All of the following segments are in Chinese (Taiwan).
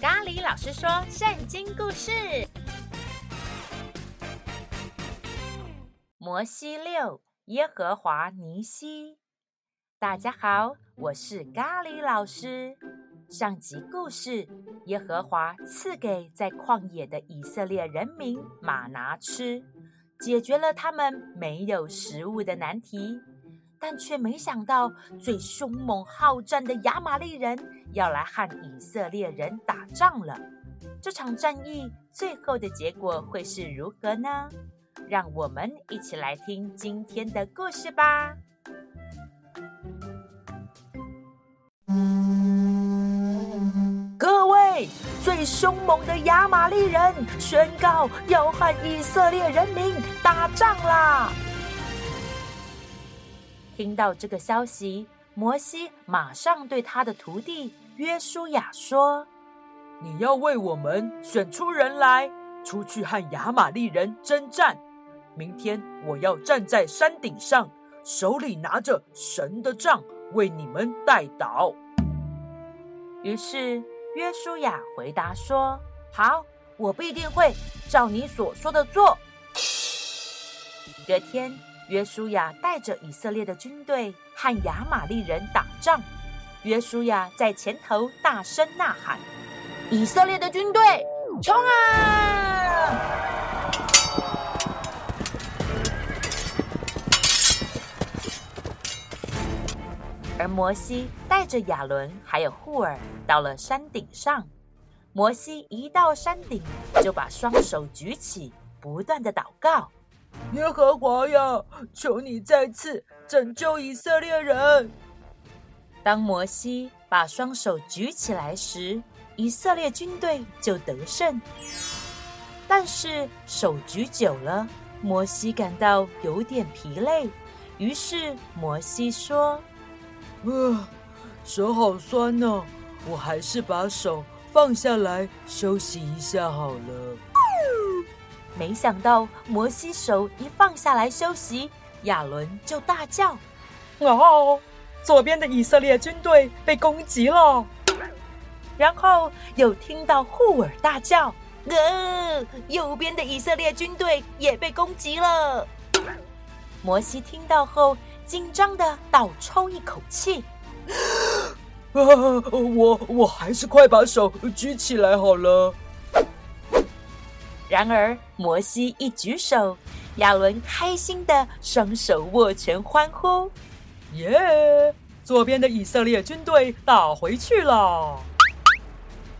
咖喱老師說聖經故事：摩西六，耶和華尼西。大家好，我是咖喱老師。上集故事，耶和華賜給在曠野的以色列人民瑪拿吃，解決了他們沒有食物的難題。但卻沒想到，最兇猛好戰的亞瑪力人要來和以色列人打仗了。這場戰役最後的結果會是如何呢？讓我們一起來聽今天的故事吧。各位，最兇猛的亞瑪力人宣告要和以色列人民打仗啦！聽到這個消息，摩西馬上對他的徒弟約書亞說：“你要為我們選出人來，出去和亞瑪力人征戰。明天我要站在山頂上，手裡拿着神的杖，為你們代禱。”於是約書亞回答說：“好，我必定會照你所說的做。”隔天。約書亞帶着以色列的軍隊和亞瑪力人打仗。約書亞在前頭大聲吶喊：“以色列的軍隊，衝啊！”而摩西帶着亞倫還有戶珥到了山頂上。摩西一到山頂，就把雙手舉起，不斷的禱告。耶和華呀，求你再次拯救以色列人！當摩西把雙手舉起來時，以色列軍隊就得勝。但是手舉久了，摩西感到有點疲累，於是摩西說：“啊、呃，手好酸呢、哦，我還是把手放下來休息一下好了。”沒想到摩西手一放下來休息，亞倫就大叫：“哦，左邊的以色列軍隊被攻擊了。”然後又聽到戶珥大叫：“呃，右邊的以色列軍隊也被攻擊了。”摩西聽到後，緊張的倒抽一口氣：“呃、啊，我，我還是快把手舉起來好了。”然而，摩西一舉手，亞倫開心地雙手握拳歡呼：“耶、yeah！” 左邊的以色列軍隊打回去了。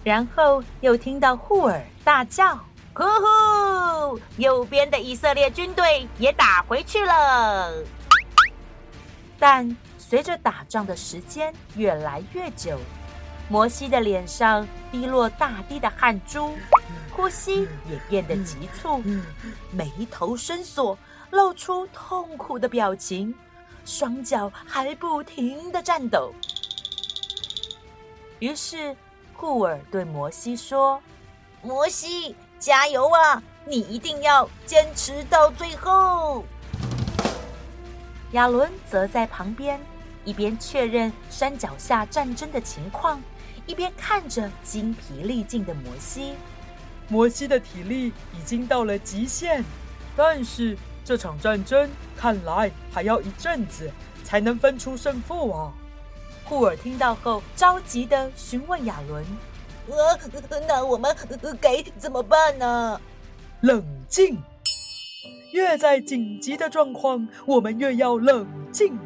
然後又聽到戶珥大叫：“呼呼！”右邊的以色列軍隊也打回去了。但隨着打仗的時間越來越久。摩西的臉上滴落大滴的汗珠，呼吸也變得急促，眉頭深鎖，露出痛苦的表情，雙腳還不停的顫抖。於是，戶珥對摩西說：“摩西，加油啊！你一定要堅持到最後。”亞倫則在旁邊一邊確認山腳下戰爭的情況。一邊看着筋疲力盡的摩西，摩西的體力已經到了極限，但是這場戰爭看來還要一陣子才能分出勝負哦、啊。戶珥聽到後着急地詢問亞倫：“呃，那我們、呃、該怎麼辦呢？”冷靜，越在緊急的狀況，我們越要冷靜。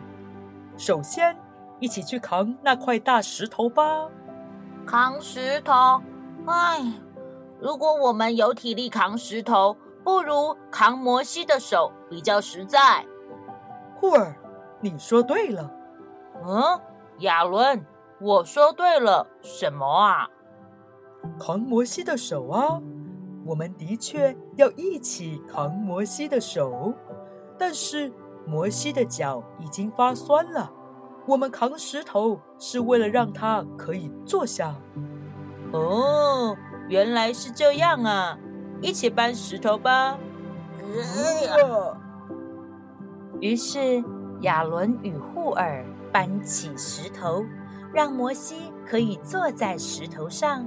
首先，一起去扛那塊大石頭吧。扛石頭，哎，如果我們有體力扛石頭，不如扛摩西的手比較實在。戶珥，你說對了。嗯，亞倫，我說對了，什麼啊？扛摩西的手啊！我們的確要一起扛摩西的手，但是摩西的腳已經發酸了。我們扛石頭是為了讓他可以坐下。哦，原來是這樣啊！一起搬石頭吧。呃，於是亞倫與戶珥搬起石頭，讓摩西可以坐在石頭上。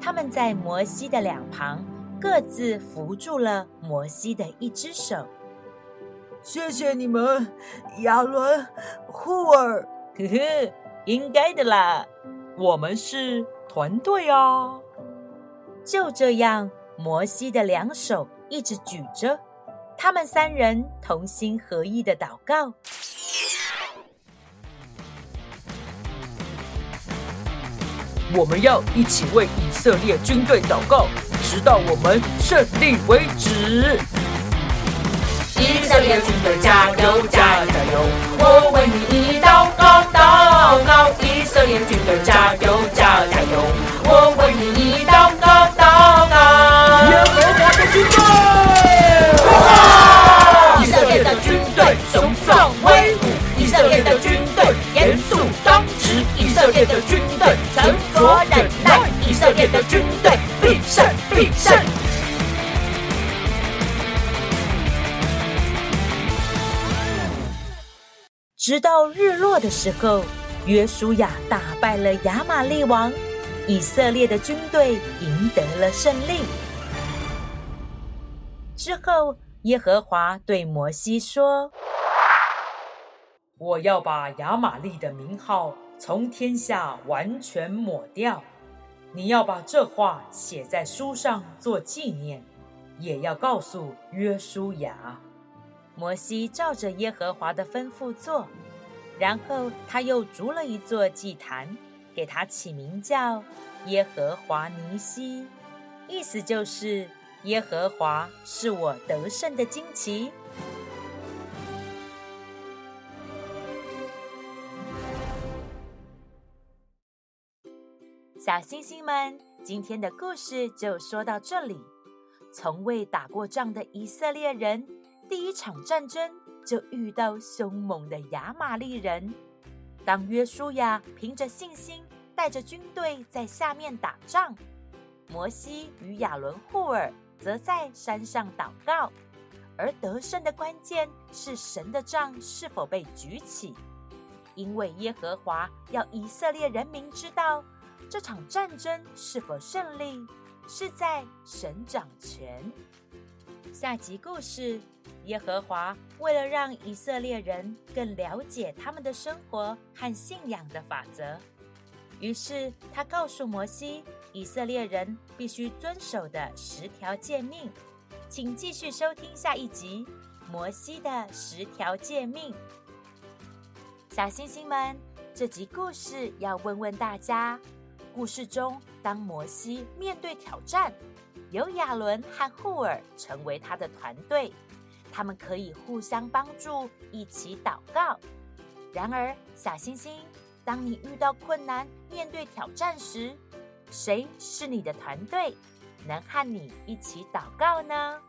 他們在摩西的兩旁各自扶住了摩西的一隻手。謝謝你們，亞倫、戸珥，呵呵，應該的啦，我們是團隊啊。哦。就這樣，摩西的兩手一直舉着，他們三人同心合意的禱告。我們要一起為以色列軍隊禱告，直到我們勝利為止。以色列軍隊，加油，加加油！我為你一刀刀刀刀，以色列軍隊，加油，加加油！我為你一刀刀刀刀 yeah, 你一刀刀刀刀 yeah, 一刀刀，以色列的軍隊，哇！以色列的軍隊雄壯威武，以色列的軍隊嚴肅剛直，以色列的軍隊沉着忍耐，以色列的軍隊必勝。直到日落的時候，約書亞打敗了亞瑪力王，以色列的軍隊贏得了勝利。之後，耶和華對摩西說：“我要把亞瑪力的名號從天下完全抹掉，你要把這話寫在書上做紀念，也要告訴約書亞。”摩西照着耶和華的吩咐做，然後他又築了一座祭壇，給他起名叫耶和華尼西，意思就是耶和華是我得勝的旌旗。小星星們，今天的故事就說到這裡。從未打過仗的以色列人。第一場戰爭就遇到兇猛的亞瑪力人，當約書亞憑着信心帶着軍隊在下面打仗，摩西與亞倫戶珥則在山上禱告。而得勝的關鍵是神的杖是否被舉起，因為耶和華要以色列人民知道，這場戰爭是否勝利，是在神掌權。下集故事，耶和華為了讓以色列人更了解他們的生活和信仰的法則，於是他告訴摩西以色列人必須遵守的十條誡命。請繼續收聽下一集《摩西的十條誡命》。小星星們，這集故事要問問大家：故事中，當摩西面對挑戰，由亞倫和戶珥成為他的團隊。他們可以互相幫助，一起禱告。然而，小星星，當你遇到困難、面對挑戰時，誰是你的團隊，能和你一起禱告呢？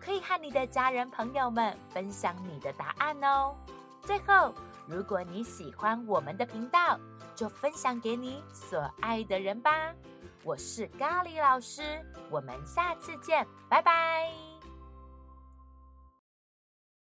可以和你的家人、朋友們分享你的答案哦。最後，如果你喜歡我們的頻道，就分享給你所愛的人吧。我是咖哩老師，我們下次見，拜拜。